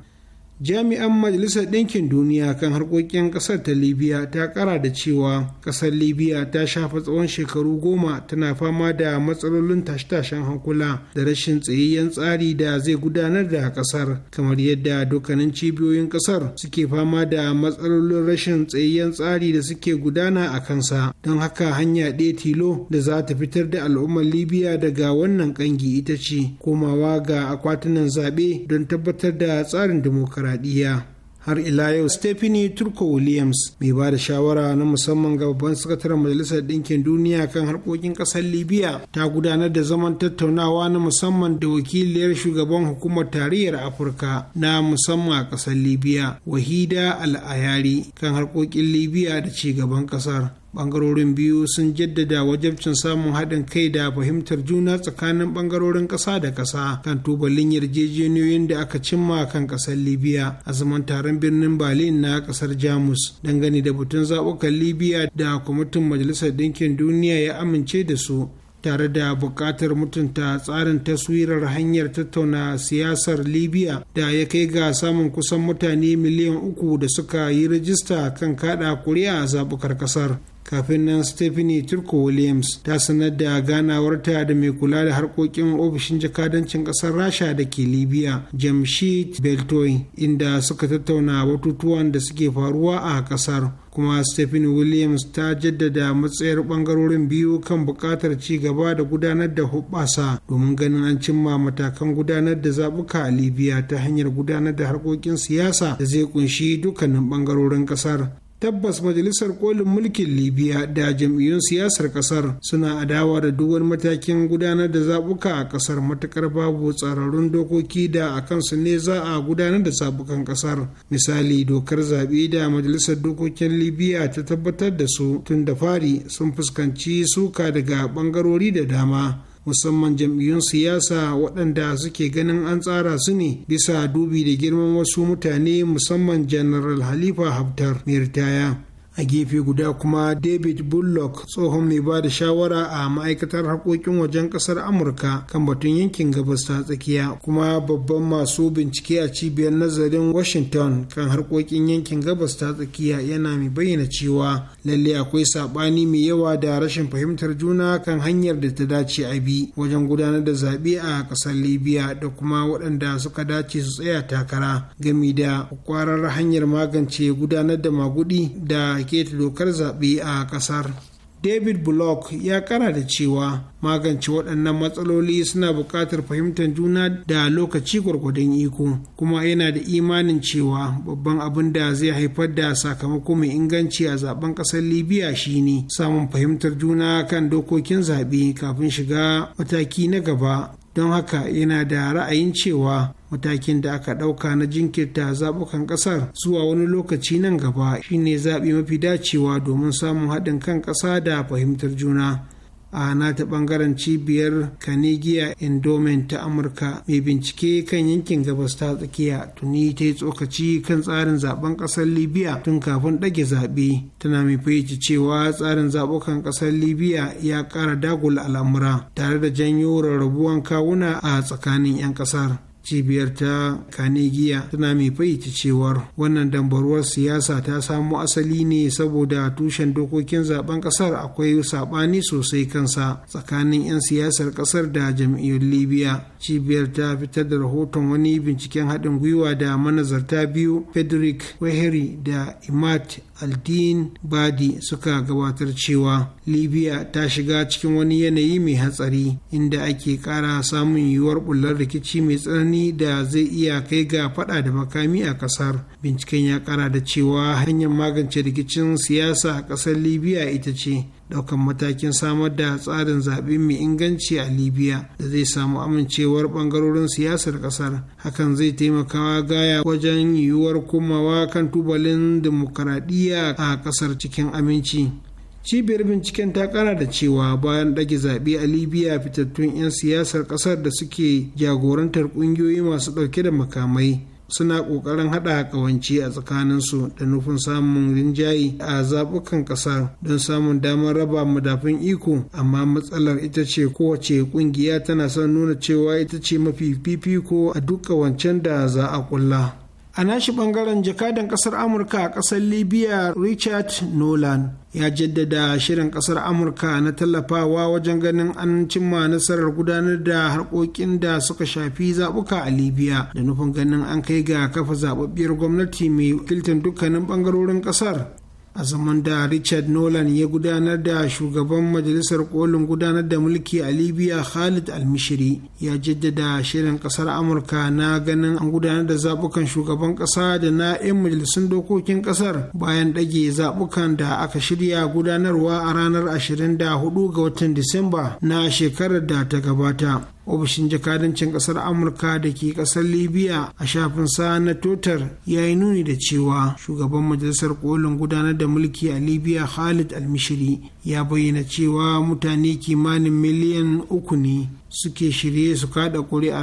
Speaker 3: jami'an majalisar ɗinkin duniya kan harkokin ƙasar ta libya ta ƙara da cewa ƙasar libya ta shafa tsawon shekaru goma tana fama da matsalolin tashe-tashen hankula da rashin tsayayyen tsari da zai gudanar da ƙasar kamar yadda dukkanin cibiyoyin ƙasar suke fama da matsalolin rashin tsayayyen tsari da suke gudana a kansa don haka hanya ɗaya tilo da za ta fitar da al'ummar libya daga wannan ƙangi ita ce komawa ga akwatunan zaɓe don tabbatar da tsarin dimokuraɗiyya demokuraɗiyya har ila yau stephanie turko williams mai ba da shawara na musamman ga babban sakataren majalisar ɗinkin duniya kan harkokin ƙasar libya ta gudanar da zaman tattaunawa na musamman da wakiliyar shugaban hukumar tarayyar afirka na musamman a ƙasar libya wahida al'ayari kan harkokin libya da ci gaban ƙasar bangarorin biyu sun jaddada wajabcin samun haɗin kai da fahimtar juna tsakanin bangarorin ƙasa da ƙasa kan tubalin yarjejeniyoyin da aka cimma kan ƙasar libya a zaman taron birnin berlin na ƙasar jamus dangane da batun zaɓukan libya da kwamitin majalisar ɗinkin duniya ya amince da su tare da buƙatar mutunta tsarin taswirar hanyar tattauna siyasar libya da ya kai ga samun kusan mutane miliyan uku da suka yi rajista kan kaɗa kuri'a a zaɓukar ƙasar kafin nan stephanie turko williams ta sanar da ganawarta da mai kula da harkokin ofishin jakadancin kasar rasha da ke libya jamshid beltoy inda suka tattauna batutuwan da suke faruwa a kasar kuma stephen williams ta jaddada matsayar bangarorin biyu kan bukatar ci gaba da gudanar da hubbasa domin ganin an cimma matakan gudanar da zabuka a libya ta hanyar gudanar da harkokin siyasa da zai kunshi dukkanin bangarorin kasar. tabbas majalisar kolin mulkin libya da jam'iyyun siyasar kasar suna adawa da duk matakin gudanar da zabuka a kasar matukar babu tsararrun dokoki da a kansu ne za a gudanar da zabukan kasar misali dokar zaɓe da majalisar dokokin libya ta tabbatar da su tun da fari sun fuskanci suka daga ɓangarori da dama musamman jam'iyyun siyasa waɗanda suke ganin an tsara su ne bisa dubi da girman wasu mutane musamman general halifa haftar mai ritaya a gefe guda kuma david bullock tsohon mai ba da shawara a ma'aikatar harkokin wajen kasar amurka kan batun yankin gabas ta tsakiya kuma babban masu bincike a cibiyar nazarin washington kan harkokin yankin gabas ta tsakiya yana mai bayyana cewa lalle akwai saɓani mai yawa da rashin fahimtar juna kan hanyar da ta dace a bi wajen gudanar da zaɓe a ƙasar libya da kuma waɗanda suka dace su tsaya takara gami da kwarar hanyar magance gudanar da magudi da keta dokar zaɓe a ƙasar. David Block ya kara da cewa magance waɗannan matsaloli suna buƙatar fahimtar juna da lokaci gwargwadon iko kuma yana da imanin cewa babban abin da zai haifar da sakamako mai inganci a zaben ƙasar Libya shine samun fahimtar juna kan dokokin zaɓe kafin shiga mataki na gaba don haka yana da ra'ayin cewa matakin da aka ɗauka na jinkirta zaɓukan ƙasar zuwa wani lokaci nan gaba shine zaɓi mafi dacewa domin samun haɗin kan ƙasa da fahimtar juna a nata bangaren cibiyar Carnegie Endowment ta Amurka mai bincike kan yankin gabas ta tsakiya tuni ta yi tsokaci kan tsarin zaben kasar Libya tun kafin ɗage zaɓe tana mai fahimci cewa tsarin zaɓukan kasar Libya ya ƙara dagula al'amura tare da janyo rarrabuwan kawuna a tsakanin 'yan ƙasar. cibiyar ta kanegiya tana mai fayyace cewar wannan dambaruwar siyasa ta samo asali ne saboda tushen dokokin zaben kasar akwai sabani sosai kansa tsakanin 'yan siyasar kasar da jam'iyyar libya cibiyar ta fitar da rahoton wani binciken haɗin gwiwa da manazarta biyu frederick weheri da imad aldin badi suka gabatar cewa libya ta shiga cikin wani yanayi mai hatsari inda ake kara samun yiwuwar bullar rikici mai tsanani da zai iya kai ga fada da makami a kasar binciken ya kara da cewa hanyar magance rikicin siyasa a kasar libya ita ce daukan matakin samar da tsarin zaɓe mai inganci a libya da zai samu amincewar ɓangarorin siyasar ƙasar hakan zai taimakawa gaya wajen yiwuwar komawa kan tubalin dimokuraɗiyya a ƙasar cikin aminci cibiyar binciken ta kara da cewa bayan ɗage zaɓe a libya fitattun 'yan siyasar ƙasar da suke jagorantar ƙungiyoyi masu ɗauke da makamai suna ƙoƙarin haɗa ƙawance a tsakaninsu da nufin samun rinjaye a zaɓukan ƙasa don samun damar raba madafun iko amma matsalar ita ce kowace ƙungiya tana son nuna cewa ita ce mafi fifiko a duk ƙawancen da za a ƙulla. a nashi bangaren jakadan kasar amurka a kasar libya richard nolan ya jaddada shirin kasar amurka na tallafawa wajen ganin an cimma nasarar gudanar da harkokin da suka shafi zabuka a libya da nufin ganin an kai ga kafa zababbiyar gwamnati mai wakiltar dukkanin bangarorin ƙasar. a zaman da richard nolan ya gudanar da shugaban majalisar kolin gudanar da mulki a libya khalid almishiri ya jaddada shirin kasar amurka na ganin an gudanar da zabukan shugaban kasa da na 'yan majalisun dokokin kasar bayan dage zabukan da aka shirya gudanarwa a ranar 24 ga watan disamba na shekarar da ta gabata ofishin jakadancin kasar amurka da ke kasar libya a shafin sa na totar ya yi nuni da cewa shugaban majalisar kolin gudanar da mulki a libya khalid almishiri ya bayyana cewa mutane kimanin miliyan uku ne suke shirye su kada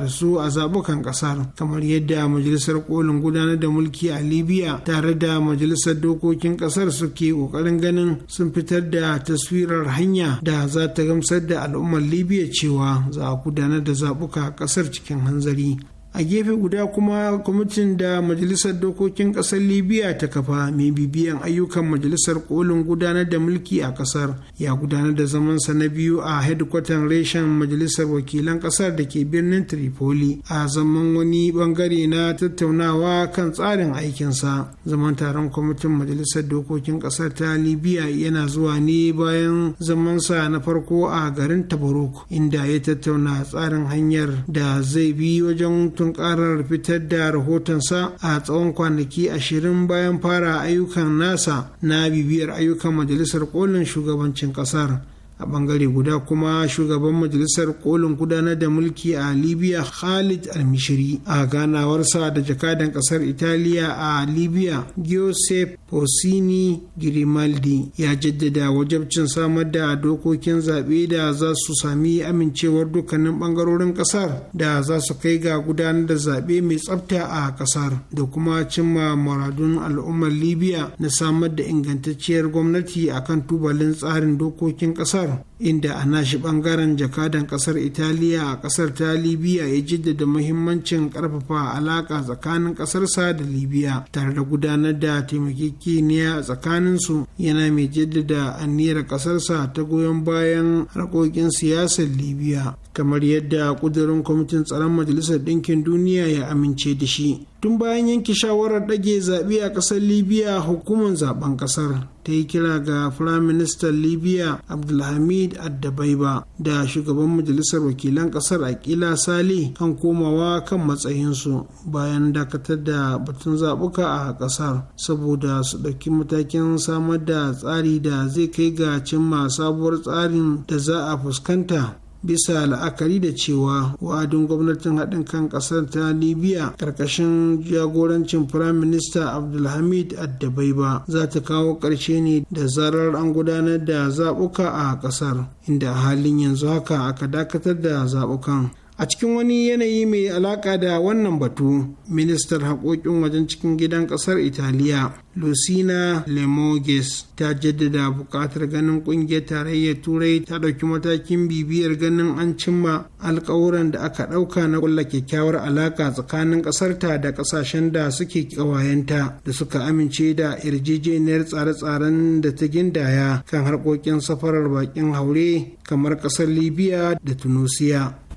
Speaker 3: su a zabukan kasar kamar yadda majalisar kolin gudanar da mulki a libya tare da majalisar dokokin kasar suke kokarin ganin sun fitar da taswirar hanya da za ta gamsar da al'ummar libya cewa za a gudanar da zabuka kasar cikin hanzari a gefe guda kuma kwamitin da majalisar dokokin kasar libya ta kafa mai bibiyan ayyukan majalisar kolin gudanar da mulki a kasar ya gudanar da zamansa na biyu a hedkwatan reshen majalisar wakilan kasar da ke birnin tripoli a zaman wani bangare na tattaunawa kan tsarin aikinsa zaman taron kwamitin majalisar dokokin kasar ta libya yana zuwa ne bayan zamansa na farko a garin tabaruk inda ya tattauna tsarin hanyar da zai bi wajen kotun karar fitar da rahotonsa a tsawon kwanaki ashirin bayan fara ayyukan nasa na bibiyar ayyukan majalisar kolin shugabancin ƙasar. a bangare guda kuma shugaban majalisar kolin gudanar da mulki a libya khalid almishiri a ganawarsa da jakadan kasar italiya a libya giuseppe posini Grimaldi ya jaddada wajabcin samar da dokokin zaɓe da za su sami amincewar dukkanin bangarorin kasar da za su kai ga gudanar da zaɓe mai tsafta a kasar da kuma cimma muradun al'ummar Libya na samar da ingantacciyar gwamnati akan tubalin tsarin dokokin kasar. claro. inda a nashi bangaren jakadan kasar italiya a kasar ta libya ya jaddada muhimmancin karfafa alaka tsakanin kasarsa da libya tare da gudanar da tsakanin su yana mai jaddada aniyar kasarsa ta goyon bayan harkokin siyasar libya kamar yadda kudurin kwamitin tsaron majalisar ɗinkin duniya ya amince da shi tun bayan yanke shawarar ɗage zaɓe a ƙasar libya hukumar zaben ƙasar ta yi kira ga firaministan libya abdulhamid sa'id addabaiba da shugaban majalisar wakilan kasar akila sale kan komawa kan matsayinsu bayan dakatar da batun zabuka a kasar saboda su ɗauki matakin samar da tsari da zai kai ga cimma sabuwar tsarin da za a fuskanta bisa la'akari da cewa wa'adin gwamnatin haɗin kan ƙasar ta libya ƙarƙashin jagorancin firayim minista abdulhamid addabai ba za ta kawo ƙarshe ne da zarar an gudanar da zaɓuka a ƙasar inda a halin yanzu haka aka dakatar da zaɓukan a cikin wani yanayi mai alaka da wannan batu ministar haƙoƙin wajen cikin gidan ƙasar italiya lucina lemoges ta jaddada buƙatar ganin ƙungiyar tarayyar turai ta ɗauki matakin bibiyar ganin an cimma alƙawuran da aka ɗauka na ƙulla kyakkyawar alaka tsakanin ƙasarta da ƙasashen da suke ƙawayenta da suka amince da yarjejeniyar tsare-tsaren da ta gindaya kan harkokin safarar bakin haure kamar ƙasar libya da tunusiya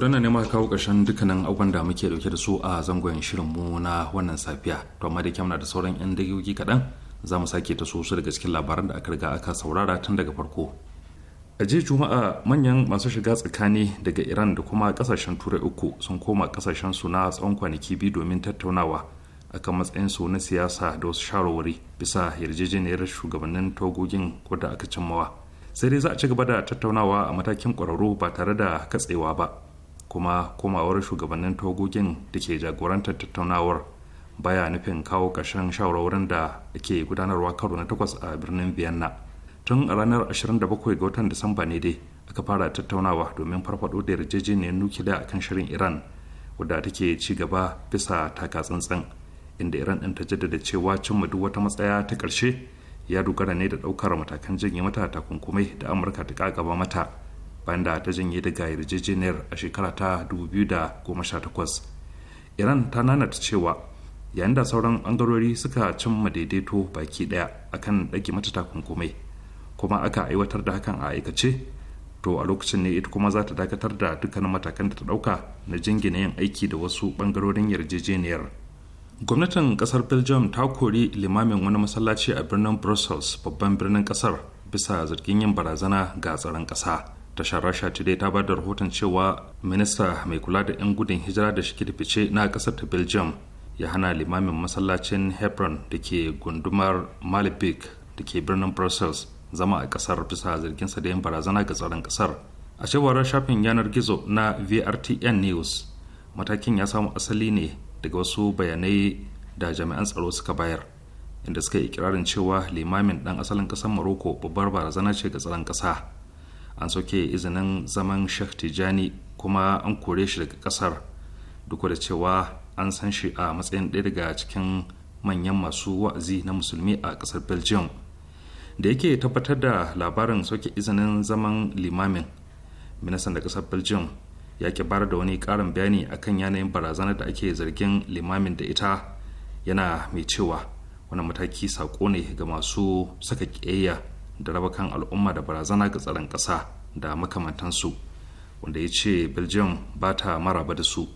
Speaker 1: don ne muka kawo ƙarshen dukkanin abubuwan da muke dauke da su a zangon mu na wannan safiya to amma da kyamna da sauran 'yan dagiyoyi kaɗan za mu sake ta su daga cikin labaran da aka riga aka saurara tun daga farko a jiya juma'a manyan masu shiga tsakani daga iran da kuma kasashen turai uku sun koma kasashen su na tsawon kwanaki biyu domin tattaunawa akan matsayin su na siyasa da wasu shawarwari bisa yarjejeniyar shugabannin togogin da aka cimmawa sai dai za a ci gaba da tattaunawa a matakin kwararru ba tare da katsewa ba kuma komawar shugabannin togogin da ke jagorantar tattaunawar baya nufin kawo ƙarshen shawarwarin da ke gudanarwa karo na takwas a birnin vienna tun a ranar 27 ga watan disamba ne dai aka fara tattaunawa domin farfado da yarjejeniyar nukiliya a kan shirin iran wadda take ci gaba bisa taka tsantsan inda iran ɗin ta jaddada cewa cimma duk wata matsaya ta ƙarshe ya dogara ne da ɗaukar matakan janye mata takunkumai da amurka ta ƙaƙaba mata bayan da ta janye daga yarjejeniyar a shekara ta 2018 iran ta nanata cewa yayin da sauran bangarori suka cimma daidaito baki daya akan ɗage mata takunkumai kuma aka aiwatar da hakan a aikace to a lokacin ne ita kuma za ta dakatar da dukkanin matakan da ta dauka na jingina yin aiki da wasu bangarorin yarjejeniyar gwamnatin kasar belgium ta kori limamin wani masallaci a birnin brussels babban birnin kasar bisa zargin yin barazana ga tsaron kasa. tashar rasha today ta ba da rahoton cewa minista mai kula da 'yan gudun hijira da shi da fice na kasar ta belgium ya hana limamin masallacin hebron da ke gundumar malibik da ke birnin brussels zama a kasar bisa zargin sa da yin barazana ga tsaron kasar a cewar shafin yanar gizo na vrtn news matakin ya samu asali ne daga wasu bayanai da jami'an tsaro suka bayar inda suka yi ikirarin cewa limamin dan asalin kasar morocco babbar barazana ce ga tsaron kasa an sauke izinin zaman Sheikh Tijani kuma an kore shi daga kasar duk da cewa an san shi a matsayin ɗaya daga cikin manyan masu wa'azi na musulmi a kasar Belgium da yake tabbatar da labarin sauke izinin zaman limamin ministan da kasar Belgium ya ke bayar da wani ƙarin bayani akan yanayin barazanar da ake zargin limamin da ita yana mai cewa wani mataki sako ne ga masu saka kiyayya da raba kan al'umma da barazana ga tsaron ƙasa da makamantansu wanda ya ce belgium ba ta maraba da su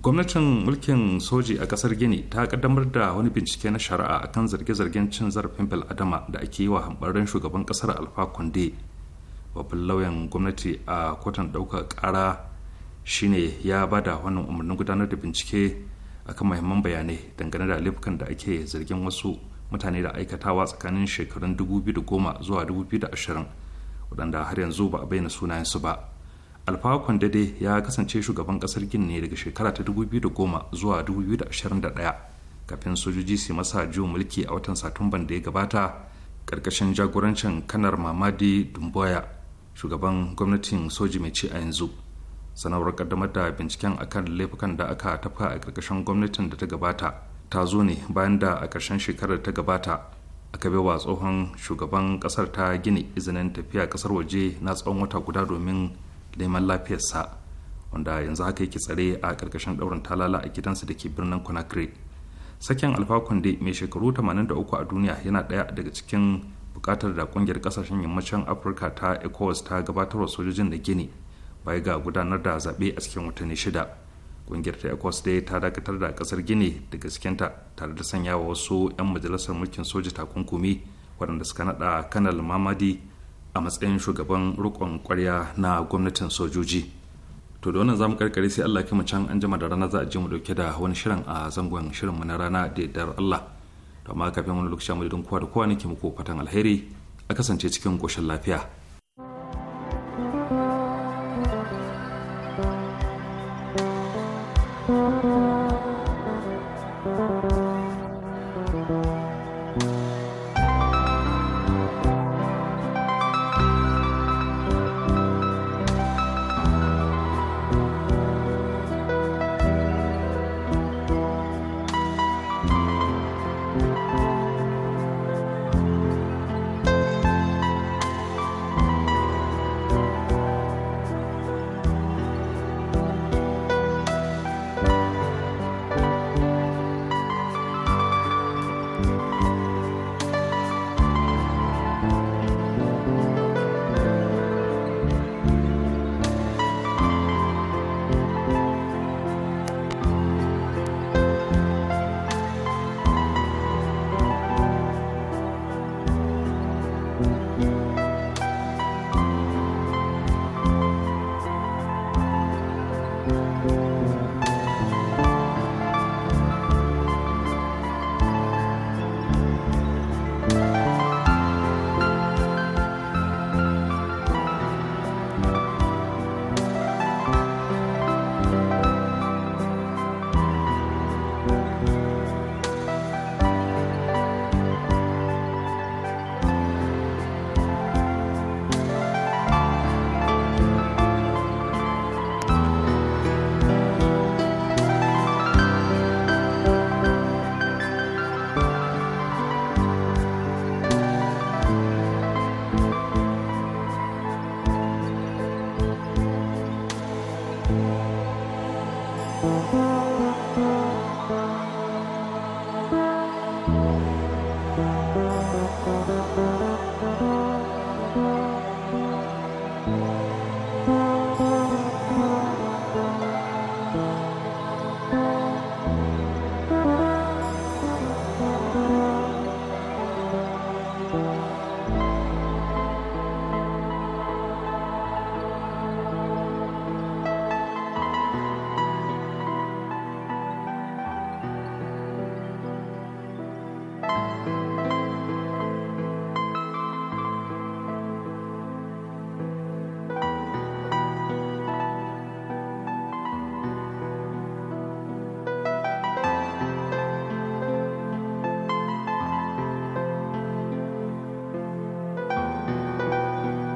Speaker 1: gwamnatin mulkin soji a kasar gini ta kaddamar da wani bincike na shari'a akan zarge-zargen cin zarafin bil'adama da ake yi wa hambarren shugaban kasar alfa konde babban lauyan gwamnati a kwatan ɗaukar ƙara shine ya ba da wannan umarnin gudanar da bincike akan mahimman bayanai dangane da laifukan da ake zargin wasu mutane da aikatawa tsakanin shekarun 2010 zuwa 2020 waɗanda har yanzu ba a bayyana sunayensu ba alfa kwandade ya kasance shugaban ƙasar gini ne daga shekara ta 2010 zuwa 2021 kafin sojoji su masa juyin mulki a watan satumban da ya gabata ƙarƙashin jagorancin kanar mamadi dumboya shugaban gwamnatin soji mai ci a yanzu sanarwar ƙaddamar da binciken akan laifukan da aka tafa a ƙarƙashin gwamnatin da ta gabata ta zo ne bayan da a ƙarshen shekarar ta gabata aka wa tsohon shugaban ƙasar ta gini izinin tafiya ƙasar waje na tsawon wata guda domin neman lafiyarsa wanda yanzu haka yake tsare a ƙarƙashin ɗaurin talala a gidansa da ke birnin conakry sakin alfa kwande mai shekaru 83 a duniya yana ɗaya daga cikin buƙatar da ƙungiyar ƙasashen yammacin afirka ta ecowas ta gabatarwa sojojin da gini bai ga gudanar da zaɓe a cikin watanni shida kungiyar ta ecos dai ta dakatar da kasar gini da gaskenta tare da sanya wa wasu 'yan majalisar mulkin soja takunkumi waɗanda suka naɗa kanal mamadi a matsayin shugaban rukon kwarya na gwamnatin sojoji to da wannan zamu karkare sai Allah kai mu can an jima da rana za a je mu dauke da wani shirin a zangon shirin mu na rana da yardar Allah to amma kafin wani lokaci mu da kowa da kowa nake muku fatan alheri a kasance cikin koshin lafiya